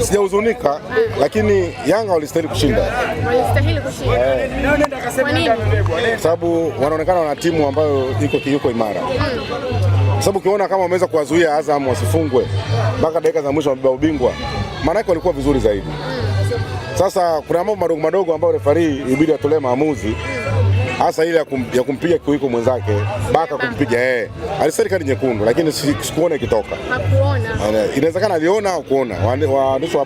sijahuzunika, lakini Yanga walistahili kushinda, walistahili kushinda eh. Kwa Sababu wanaonekana wana timu ambayo iko kiuko imara sababu ukiona kama wameweza kuwazuia Azam wasifungwe mpaka dakika za mwisho, wamebeba ubingwa, maana yake walikuwa vizuri zaidi. Sasa kuna mambo madogo madogo ambayo refari ibidi atolee maamuzi hasa ile ya, kumpiga kuiko mwenzake baka kumpiga yeye, eh. aliserikali nyekundu, lakini sikuona ikitoka. Inawezekana aliona au kuona, waandishi wa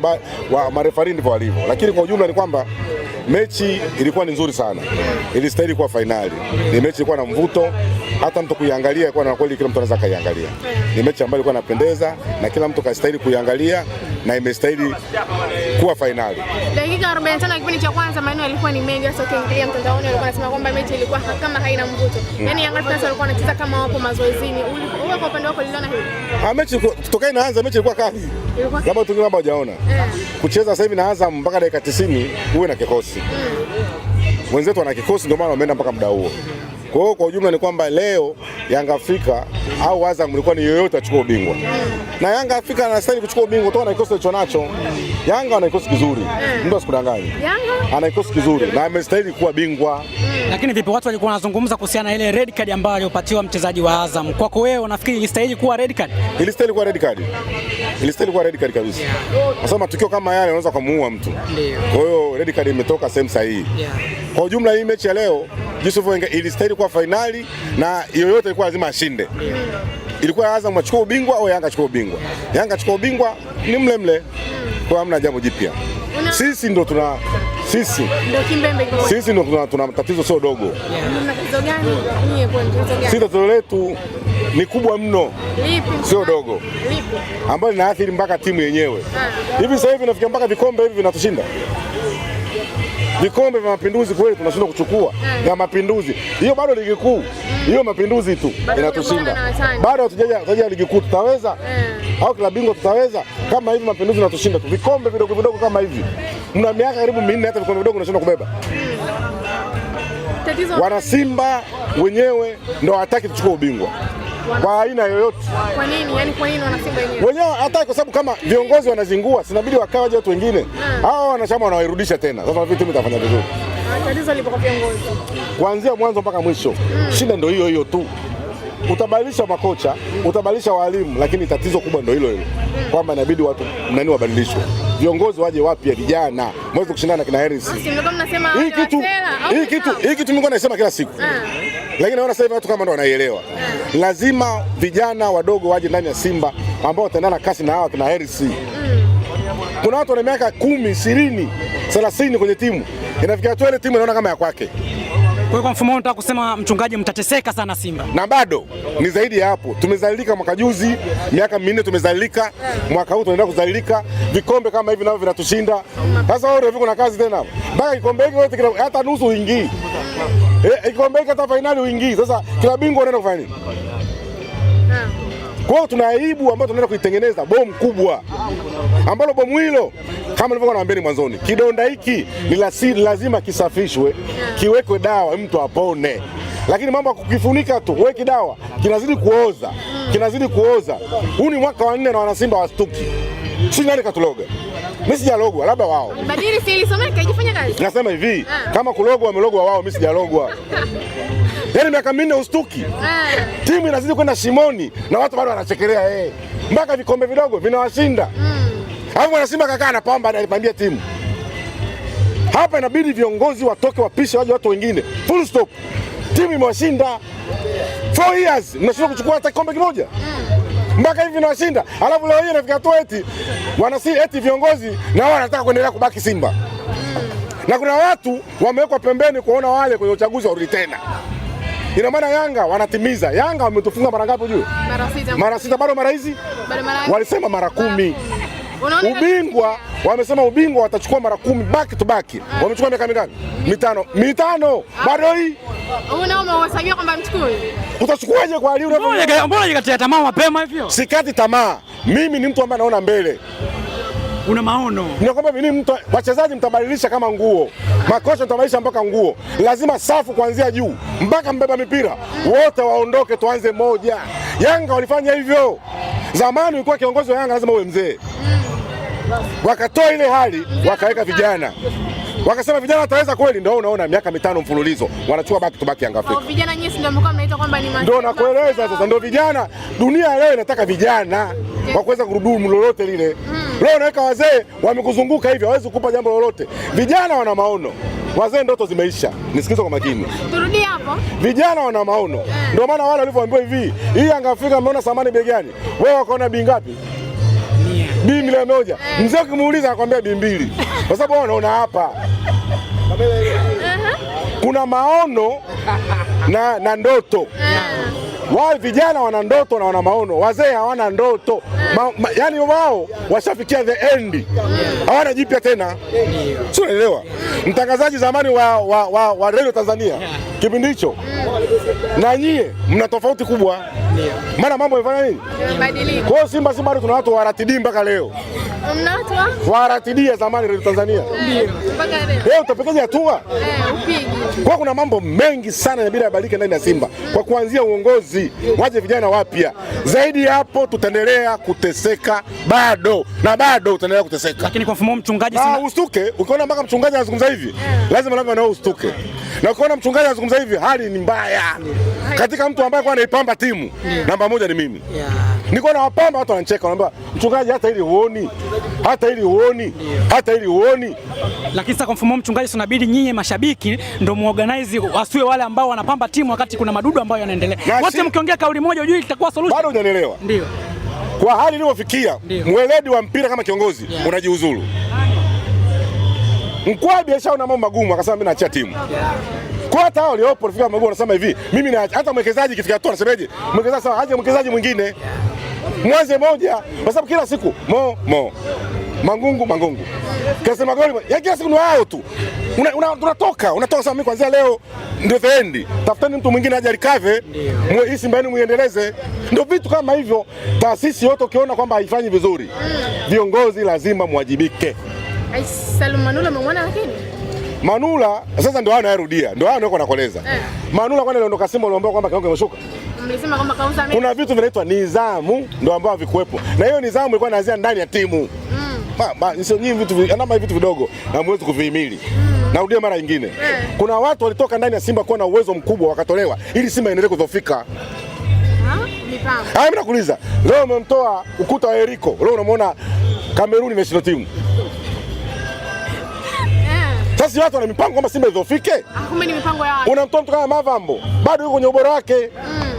wa marefari ndivyo walivyo, lakini kwa ujumla ni kwamba Mechi ilikuwa ni nzuri sana, ilistahili kuwa fainali. Ni mechi ilikuwa na mvuto, hata mtu kuiangalia ilikuwa na kweli, kila mtu anaweza kaiangalia. Ni mechi ambayo ilikuwa inapendeza na kila mtu kastahili kuiangalia na imestahili kuwa fainali. Dakika 45 kipindi cha kwanza maneno yalikuwa ni mengi, hasa ukiangalia mtandaoni walikuwa wanasema kwamba mechi ilikuwa kama haina mvuto. Yaani Yanga Africans walikuwa wanacheza kama wapo mazoezini. Wewe kwa upande wako uliona hivi? Ah, mechi kutoka inaanza mechi ilikuwa kali. Labda tungi mambo hujaona. Eh. Kucheza sasa hivi naanza mpaka dakika 90 uwe na kikosi wenzetu wana kikosi, ndio maana wameenda mpaka muda huo. Kwa hiyo kwa ujumla ni kwamba leo Yanga Afrika au Azam ilikuwa ni yoyote achukua ubingwa, na Yanga Afrika anastahili kuchukua ubingwa kutoka na kikosi alicho nacho. Yanga ana kikosi kizuri, mtu asikudanganye, ana kikosi kizuri na amestahili kuwa bingwa. Lakini vipi, watu walikuwa wanazungumza kuhusiana na ile red card ambayo alipatiwa mchezaji wa Azam, kwako wewe unafikiri ilistahili kuwa red card? Ilistahili kuwa red card, ilistahili kuwa red card kabisa, kwa sababu matukio kama yale yanaweza kumuua mtu. Kwa hiyo red card imetoka sehemu sahihi. Kwa ujumla hii mechi ya leo Yusuf Wenga ilistahili kuwa fainali na yoyote ilikuwa lazima ashinde. Ilikuwa Azam achukua ubingwa au Yanga achukua ubingwa. Yanga achukua ubingwa ni mle mle, kwa hamna jambo jipya. Sisi ndo tuna sisi sisi ndo tuna, tuna tatizo sio dogo. Sisi tatizo letu ni kubwa mno, sio dogo, ambayo linaathiri mpaka timu yenyewe. Ah. Hivi sasa hivi nafikia mpaka vikombe hivi vinatushinda vikombe vya mapinduzi kweli tunashindwa kuchukua mm. vya mapinduzi. Hiyo bado ligi kuu mm. hiyo mapinduzi tu inatushinda, bado hatujaja ligi kuu. Tutaweza mm. au klabu bingwa tutaweza? Kama hivi mapinduzi natushinda tu, vikombe vidogo vidogo kama hivi, mna miaka karibu minne, hata vikombe vidogo unashindwa kubeba. Wana Simba wenyewe ndio hawataki tuchukue ubingwa kwa aina yoyote. Kwa nini? Yani kwa nini wanasimba wenyewe? Wenyewe hata kwa sababu kama viongozi wanazingua, sinabidi wakae waje watu wengine. Hmm. Hao wanachama wanawairudisha tena. Sasa vipi timu itafanya vizuri? Ah, tatizo lipo kwa viongozi. Kuanzia mwanzo mpaka mwisho. Mm. Shida ndio hiyo hiyo tu. Utabadilisha makocha, utabadilisha walimu, lakini tatizo kubwa ndio hilo hilo. Mm. Kwamba inabidi watu nani wabadilishwe. Viongozi waje wapya vijana. Mwezi kushindana kina Harris. Hii kitu hii kitu hii kitu mimi nasema kila siku. Mm lakini naona sasa hivi watu kama ndo wanaielewa. Lazima vijana wadogo waje ndani ya Simba ambao wataendana kasi na hawa kina Hersi. Mm. Kuna watu wana miaka kumi, ishirini, thelathini kwenye timu, inafikia tu ile timu inaona kama ya kwake. Kwa hiyo kwa mfumo unataka kusema mchungaji, mtateseka sana Simba, na bado ni zaidi ya hapo. Tumezalilika mwaka juzi, miaka minne tumezalilika, mwaka huu tunaenda kuzalilika. Vikombe kama hivi navyo vinatushinda. Sasa wewe kuna kazi tena, mpaka kikombe hiki hata nusu ingii Eh, eh, ikikwambia hata fainali uingii, sasa kila bingwa unaenda kufanya nini? Kwa hiyo tuna aibu ambayo tunaenda kuitengeneza bomu kubwa, ambalo bomu hilo kama nilivyokuwa nawaambieni mwanzoni, kidonda hiki ni lazima kisafishwe, kiwekwe dawa, mtu apone. Lakini mambo ya kukifunika tu, weki dawa, kinazidi kuoza, kinazidi kuoza. Huu ni mwaka wa nne na wanasimba wastuki, si nani katuloga? mimi sijalogwa, labda wao. Badili si ilisoma nikaifanya kazi. Nasema hivi ah. kama kulogwa wamelogwa wao, mimi sijalogwa yaani miaka minne ustuki ah. timu inazidi kwenda shimoni na watu bado wanachekelea yeye eh. mpaka vikombe vidogo vinawashinda mm. alafu mm, mwana Simba kakaa anapamba anaipandia timu hapa, inabidi viongozi watoke wapishe waje watu wengine, full stop. Timu imewashinda 4 years, mnashindwa kuchukua hata kikombe kimoja mm mpaka hivi nawashinda, alafu leo hii nafika tu eti wanasi eti viongozi na wao wanataka kuendelea kubaki Simba mm. na kuna watu wamewekwa pembeni kuona wale kwenye uchaguzi warudi tena. Ina maana Yanga wanatimiza. Yanga wametufunga mara ngapi? Juu mara sita, mara sita, bado mara hizi, walisema mara kumi ubingwa wamesema ubingwa watachukua mara kumi back to back. Eh. Wamechukua miaka mingapi? Mitano, mitano ah. bado hii. utachukuaje? Kwa alio unavyo, mbona jikatia tamaa mapema hivyo? Sikati tamaa, mimi ni mtu ambaye anaona mbele una maono nakwamba mimi mtu wachezaji mtabadilisha kama nguo, makocha mtabadilisha mpaka nguo. Lazima safu kuanzia juu mpaka mbeba mipira wote waondoke, tuanze moja. Yanga walifanya hivyo zamani, ulikuwa kiongozi wa Yanga lazima uwe mzee mm wakatoa ile hali wakaweka vijana wakasema vijana wataweza kweli. Ndio unaona miaka mitano mfululizo wanachukua baki tubaki Yanga Afrika. Vijana nyinyi ndio mko mnaita kwamba ni ndio nakueleza sasa, ndio vijana. Dunia leo inataka vijana wa kuweza kurudumu lolote lile. Hmm. Leo unaweka wazee wamekuzunguka hivi, hawezi kukupa jambo lolote. Vijana wana maono, wazee ndoto zimeisha. Nisikize kwa makini, turudi hapo. Vijana wana maono, eh. ndio maana wale walivyoambiwa hivi, hii Yanga Afrika mmeona samani bei gani? Wewe wakaona bei ngapi? bi milioni moja, eh. mzee ukimuuliza anakwambia bii mbili, kwa sababu anaona hapa kuna maono na, na ndoto. Eh. Wao vijana wana ndoto na wana maono, wazee hawana ndoto ma, ma, yani wao washafikia the end, hawana jipya tena, sio? unaelewa? Mtangazaji zamani wa, wa, wa, wa Radio Tanzania kipindi hicho na nyie mna tofauti kubwa, maana mambo yamefanya nini? Kwa hiyo Simba Simba bado tuna watu wa RTD mpaka leo wa RTD ya zamani Radio Tanzania eh, leo utapigaje hatua? Eh, kwa kuna mambo mengi sana inabidi yabadilike ndani ya Simba, kwa kuanzia uongozi, waje vijana wapya zaidi. Hapo tutaendelea kuteseka bado na bado utaendelea kuteseka. Lakini kwa mfumo mchungaji ah, sina... ustuke. Ukiona mpaka mchungaji anazungumza hivi, yeah. lazima labda na ustuke, na ukiona mchungaji anazungumza hivi, hali ni mbaya katika mtu ambaye kwa anaipamba timu yeah. Namba moja ni mimi yeah. Niko na wapamba watu wanacheka, wanaambia mchungaji, hata ili huoni, hata ili huoni, hata ili huoni. Lakini sasa kwa mfumo mchungaji, sunabidi nyinyi mashabiki ndio muorganize, wasiwe wale ambao wanapamba timu wakati kuna madudu ambayo yanaendelea. Wote mkiongea kauli moja, ujui itakuwa solution. Bado hujanielewa? Ndio. Kwa hali iliyofikia mweledi wa mpira kama kiongozi yeah. unajiuzulu. Mkwabi una mambo magumu, akasema mimi naachia timu Kwa hata hao waliopo walifika magumu, wanasema hivi, mimi naacha. hata mwekezaji kifika tu anasemaje, mwekezaji sawa, aje mwekezaji mwingine, mwanze moja, kwa sababu kila siku mo mo mangungu mangungu kasema goli ya kila siku ni wao tu, unatoka unatoka sasa. Mimi kwanza leo ndio the end, tafuteni mtu mwingine aje alikave hii Simba yenu muiendeleze. Ndio vitu kama hivyo. Taasisi yote ukiona kwamba haifanyi vizuri, mm. viongozi lazima mwajibike. Manula sasa ndio anayerudia, ndio hao ndio wanakoleza. Eh. Manula kwani aliondoka Simba uliambiwa kwamba kiwango kimeshuka. Mlisema kwamba kauza. Kuna vitu vinaitwa nidhamu ndio ambao havikuwepo, na hiyo nidhamu ilikuwa inaanzia ndani ya timu mm nyinyi vitu anama vitu vidogo hamwezi kuvihimili. Narudia mara nyingine, eh. kuna watu walitoka ndani ya Simba kuwa na uwezo mkubwa wakatolewa ili Simba iendelee kudhoofika. Mimi nakuuliza leo, umemtoa ukuta wa Eriko, leo unamwona Kameruni imeshinda timu eh. Sasa watu wana mipango kwamba Simba idhoofike, ah, unamtoa mtu kama Mavambo bado yuko kwenye ubora wake mm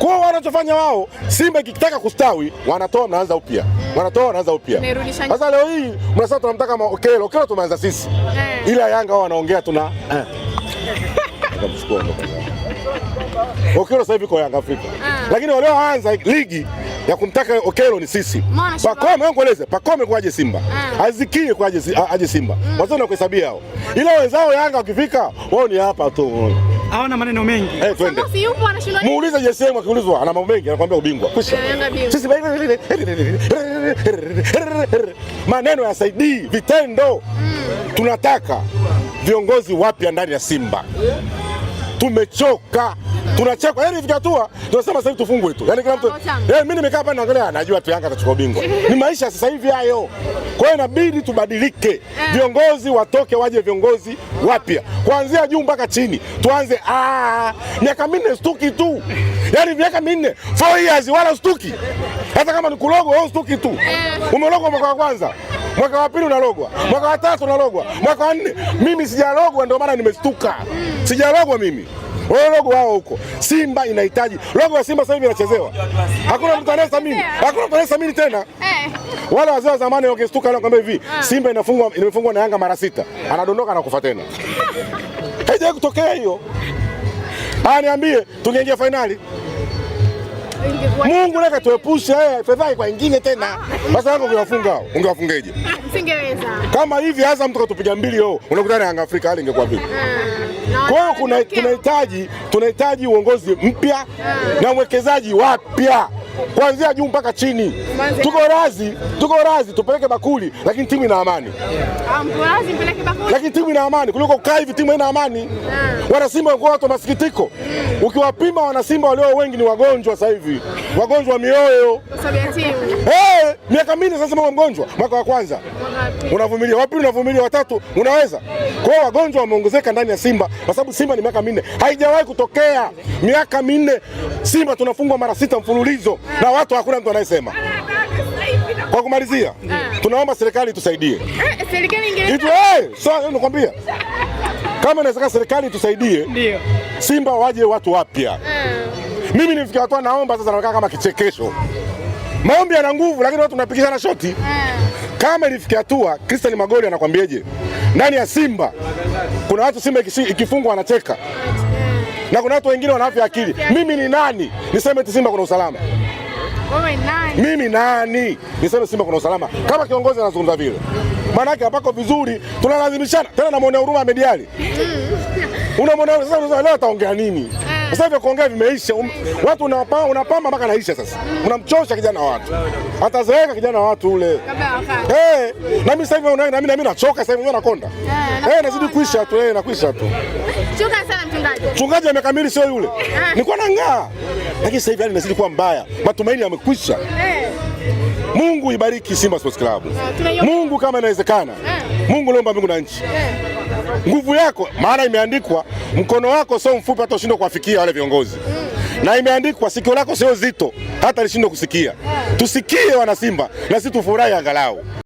kwao wanachofanya wao, Simba ikitaka kustawi wanatoa mnaanza upya, wanatoa wanaanza upya. Sasa leo hii mnasema tunamtaka Okelo, Okelo tumeanza sisi, eh. ila Yanga wao wanaongea tuna eh. Okelo sasa hivi kwa Yanga Afrika, eh. lakini walioanza ligi ya kumtaka Okelo ni sisi. Pakome ngoeleze Pakome kwaje Simba azikie kwaje Simba, mm. wazao kuhesabia hao, ila wenzao Yanga wakifika wao ni hapa tu hawana maneno mengi. Eh, twende. Muulize JSM akiulizwa ana mambo mengi anakuambia ubingwa. Kwisha. Sisi maneno yasaidii, vitendo. Mm. Tunataka viongozi wapya ndani ya Simba. Tumechoka tunachekwa. yani, ifika tunasema sasa hivi tufungwe tu. yani kila mtu. Eh, mimi nimekaa hapa naangalia anajua tu Yanga atachukua bingwa. Ni maisha sasa hivi hayo. Kwa hiyo inabidi tubadilike. Eh. Viongozi watoke waje viongozi wapya. Kuanzia juu mpaka chini. Tuanze ah miaka minne stuki tu. yani miaka minne, four years wala stuki. Hata kama ni kulogo au stuki tu. Eh. Umelogwa mwaka wa kwanza. Mwaka wa pili unalogwa, mwaka wa tatu unalogwa, mwaka wa nne. Mimi sijalogwa, ndio maana nimestuka. Mm. Sijalogwa mimi wewe logo wao huko. Simba inahitaji logo ya Simba sasa hivi inachezewa. Hakuna mtu anayethamini. Hakuna mtu anayethamini tena. Eh, Wale wazee wa zamani wangestuka kwambia hivi, ah. Simba inafungwa imefungwa na Yanga mara sita. Anadondoka na kufa tena. Haijawahi kutokea hiyo. Ah, niambie tungeingia fainali. Mungu leka tuepushe haya eh, fedhai kwa ingine tena. Ah. Sasa wako kuwafunga, ungewafungeje? Singeweza. Kama hivi Azam tukatupiga mbili yo, oh, unakutana na Yanga Afrika hali ingekuwa vipi? Ah. Kwa hiyo kuna tunahitaji tunahitaji uongozi mpya na mwekezaji wapya kuanzia juu mpaka chini. Tuko razi, tuko razi tupeleke bakuli, lakini timu ina amani ah, lakini timu ina amani kuliko kukaa hivi timu ina amani Wana Wanasimba wako watu wa masikitiko mm. Ukiwapima Ukiwapima wanasimba walio wengi ni wagonjwa sasa hivi, wagonjwa mioyo Eh, miaka minne sasa mama mgonjwa, mwaka wa kwanza unavumilia, wa pili unavumilia, watatu unaweza. Kwa hiyo wagonjwa wameongezeka ndani ya Simba kwa sababu Simba ni miaka minne, haijawahi kutokea miaka minne Simba tunafungwa mara sita mfululizo na watu, hakuna mtu anayesema. Kwa kumalizia, tunaomba serikali itusaidie, eh, nakwambia kama inawezekana serikali itusaidie, Simba waje watu wapya. Eh. Mimi nimfikia watu, naomba sasa, nakaa kama kichekesho. Maombi yana nguvu, lakini watu tunapigizana shoti mm. Kama ilifikia hatua Crystal Magoli anakwambiaje? Ndani ya Simba kuna watu Simba ikifungwa wanacheka mm. na kuna watu wengine wana afya akili. Mimi ni nani niseme eti Simba kuna usalama? Nani? Mimi nani niseme Simba kuna usalama? Kama kiongozi anazungumza vile, maana yake hapako vizuri, tunalazimishana tena. Namwonea huruma Ahmed Ally, hmm. unamwonea sasa, leo ataongea nini? Sasa hivyo kuongea vimeisha, um, watu unapamba unapa mpaka naisha sasa, unamchosha kijana watu, atazeeka kijana watu ule. Hey, eh, na mimi sasa hivi unaona, na mimi nachoka sasa hivi unaona nakonda hey, eh, eh, nazidi kuisha tu hey, nakuisha tu Chuka sana mchungaji. Mchungaji amekamili sio yule. Nilikuwa nang'aa. Lakini sasa hivi hali inazidi kuwa mbaya. Matumaini yamekwisha. Mungu ibariki Simba Sports Club. Mungu kama inawezekana. Mungu leo mbingu na nchi. Nguvu yako maana imeandikwa mkono wako sio mfupi hata ushindwe kuwafikia wale viongozi mm. na imeandikwa sikio lako sio zito hata lishindwe kusikia. Mm. Tusikie wana Simba, na sisi tufurahi angalau.